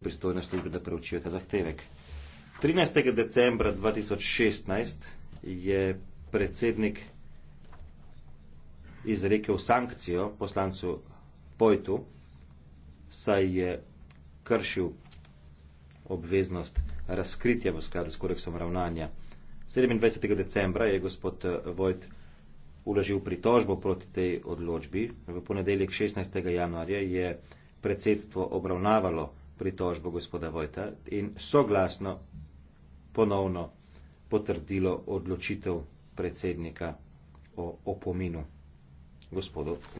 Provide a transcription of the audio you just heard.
pristojne službe, da preučijo ta zahtevek. 13. decembra 2016 je predsednik izrekel sankcijo poslancu Pojtu, saj je kršil obveznost razkritja v skladu s kodeksom ravnanja. 27. decembra je gospod eh, Vojt uložil pritožbo proti tej odločbi. V ponedeljek 16. januarja je predsedstvo obravnavalo pritožbo gospoda Vojta in soglasno ponovno potrdilo odločitev predsednika o opominu gospodu.